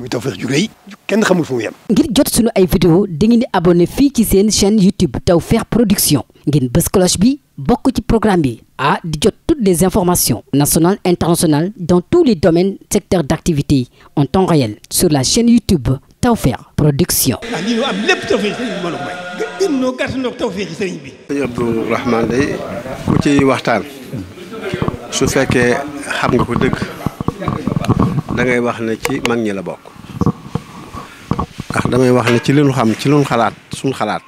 muy Tawfekh ju rëy ngir jot sunu ay vidéo dangeen di abonné fii ci seen chaîne YouTube Tawfekh Production ngeen bës cloche bi bokk ci programme bi a di jot toutes les informations nationales internationales dans tous les domaines secteurs d'activité en temps réel sur la chaîne YouTube Tawfekh Production. ah lii am lépp Tawfekh sëriñ bi mën a may. gën gën ñoo gàtt ñoo Tawfekh sëriñ bi. sëriñ Abdou Rahman day ku ciy waxtaan su fekkee xam nga ko dëgg. da ngay wax ne ci mag ñi la bokk ndax damay wax ne ci li ñu xam ci luñ xalaat suñ xalaat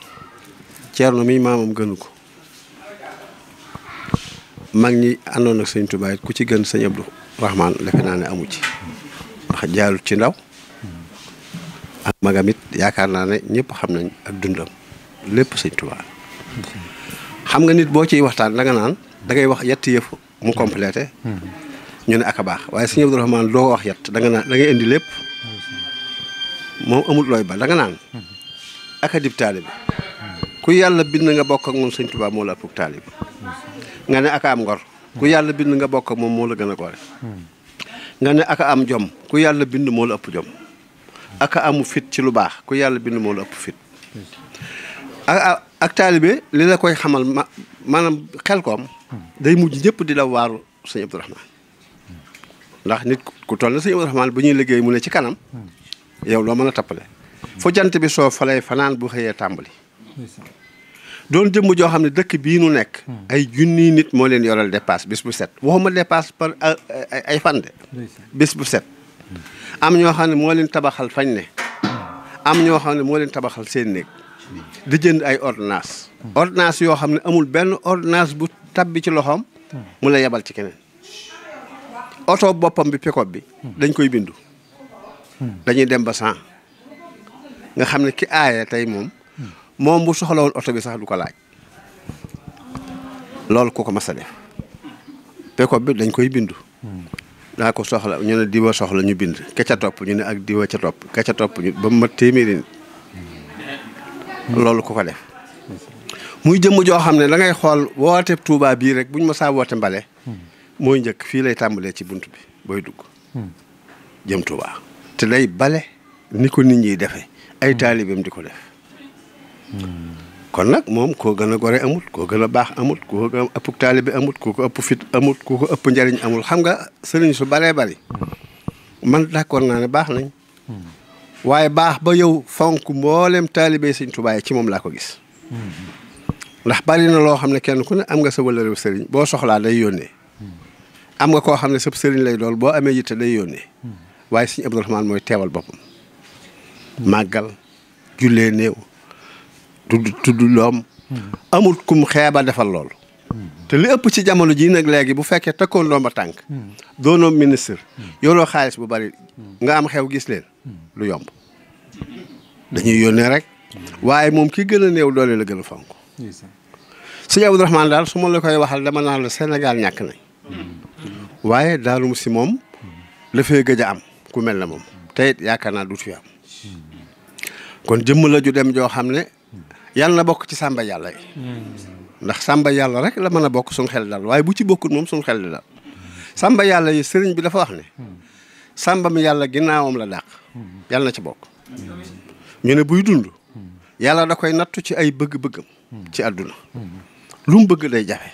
ceerno mi maamam gënu ko mag ñi àndoon ak sëñ Tuubaa ku ci gën sëñ Abdou Rahman defe naa ne amu ci ndax jaalut ci ndaw ak magam it yaakaar naa ne ñëpp xam nañ ak dundam lépp sëñ Tuubaa xam nga nit boo ciy waxtaan da naan da ngay wax yetti yëf mu complété hmm. ñu ne ak a baax waaye sëñ Abdou Rahmane doo wax yat da nga naan da indi lépp moom amul looy ba da nga naan ak dib taalibe ku yàlla bind nga bokk ak moom sëñ moo la ëpp taalibe nga ne ak a ku yàlla bind nga bokk moom moo la gën a gore nga ne ak am jom ku yàlla bind moo la ëpp jom ak amu fit ci lu baax ku yàlla bind moo la ëpp fit ak ak li la koy xamal ma maanaam xel koom day mujj ñëpp di la waaru sëñ Abdou ndax nit ku toll na sëñ Abdou Rahmane bu ñuy liggéey mu ne ci kanam yow loo mën a tappale fu jant bi soo falay fanaan bu xëyee tàmbali doon jëmm joo xam ne dëkk bii nu nekk ay junni nit moo leen yoral dépasse bis bu set waxuma dépasse par euh, ay fan de bis bu set am ñoo xam ne moo leen tabaxal fañ ne am ñoo xam ne moo leen tabaxal seen néeg di jënd ay ordonnance ordonnance yoo xam ne amul benn ordonnance bu tabbi ci loxoom mu la yebal ci keneen oto boppam bi pick bi. dañ koy bindu. dañuy dem ba cent. nga xam ne ki aaye tey moom. moom bu soxla woon oto bi sax du ko laaj. loolu ku ko mas a def. pick bi dañ koy bindu. daa ko soxla ñu ne diwa soxla ñu bind ka ca topp ñu ne ak diwa ca topp ka ca topp ñu ba mu mat téeméeri loolu ku ko def. muy jëmm joo xam ne da ngay xool woote Touba bii rek buñ ma saa woote Mbale. mooy njëkk fii lay tàmbalee ci bunt bi booy dugg. jëm Tuubaa te day bale ni ko nit ñiy defee. ay taalibeem di ko def. kon nag moom koo gën a gore amut koo gën a baax amut koo gën a ëpp taalibe amul koo ko ëpp fit amul koo ko ëpp njariñ amul xam nga sëriñ su baree bari. man d'accord naa ne baax nañ. waaye baax ba yow fonk mboolem taalibe sëñ Tuubaa ci moom laa ko gis. ndax bari na loo xam ne kenn ku ne am nga sa wëlërew sëriñ boo soxlaa day yónnee. am nga koo xam ne sab sëriñ lay dool boo amee yitte day yónnee waaye sëñ Abdou mooy teewal boppam màggal jullee néew tudd tudd loom amul kum xeeba defal lool te li ëpp ci jamono jii nag léegi bu fekkee takkoon doom ba tànk doonoo ministre yoroo xaalis bu bari nga am xew gis leen lu yomb dañuy yónnee rek waaye moom kii gën a néew doole la gën a fonk sëñ Abdou Rahmane daal su ma la koy waxal dama naan la Sénégal ñàkk nañ waaye Daaru si moom la fee gëj a am ku mel na moom te it yaakaar naa du fi am kon jëmm la ju dem joo xam ne yàlla na bokk ci sàmba yàlla yi yàlla rek la mën a bokk suñu xel daal waaye bu ci bokkul moom suñu xel di dal sàmba yàlla yi sëriñ bi dafa wax ne sàmba mi yàlla ginnaawam la dàq yàlla na ci bokk ñu ne buy dund yàlla da koy nattu ci ay bëgg-bëggam ci àdduna lum bëgg day jafe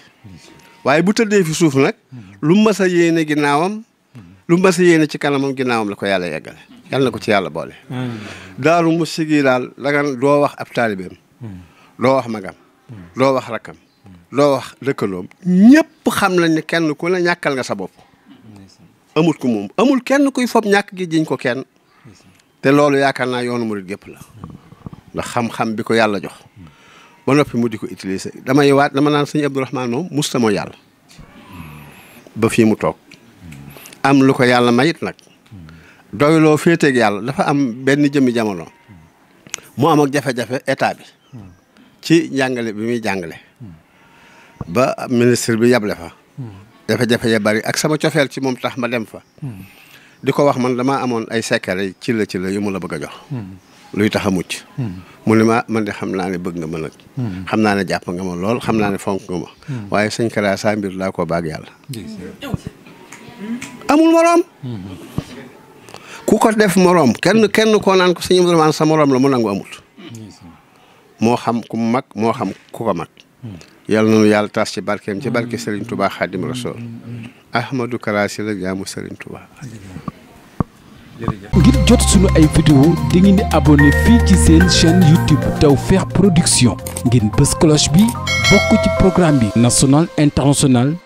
waaye bu tëddee fi suuf nag lu mas a yéene ginnaawam lu mas a yéene ci kanamam ginnaawam la ko yàlla yeggale yàlla na ko ci yàlla boole daaru mu sigi daal da doo wax ab taalibeem doo wax magam doo wax rakkam doo wax dëkkaloom ñëpp xam nañ ne kenn ku ne ñàkkal nga sa bopp amul ku moom amul kenn kuy fob ñàkk gi jiñ ko kenn te loolu yaakaar naa yoonu murit gépp la ndax xam-xam bi ko yàlla jox ba noppi mu di ko utiliser damay waat dama naan sëñ Abdourahmane moom musta moo yàlla ba fii mu toog am lu ko yàlla mayit nag doyloo féeteeg yàlla dafa am benn jëmmi jamono mu am ak jafe-jafe état bi ci jàngale bi muy jàngale ba ministre bi yable fa jafe-jafe ya bari ak sama cofeel ci moom tax ma dem fa di ko wax man damaa amoon ay secret ci la ci la yu mu la bëgg a jox luy tax a mucc. Hmm. mu ne ma man de xam naa ne bëgg nga ma nag. Hmm. xam naa ne jàpp nga ma lool xam naa ne fonk nga ma. Hmm. waaye sëñ Kara saa mbir laa ko baag yàlla. amul moroom. ku ko def moroom kenn kenn koo naan ko sëñ Abdourahmane sa moroom la mu nangu amul. moo xam ku mag moo xam ku ko mag. yàlla na nu yàlla taas ci barkeem ci barke Serigne Touba Khadim Rasoul. Ahmadou Kara Sylla jaamu Serigne Touba. ngir jot suñu ay vidéo di ngeen di abonné fii ci seen chaîne YouTube feex Production ngir bës cloche bi bokk ci programme bi national international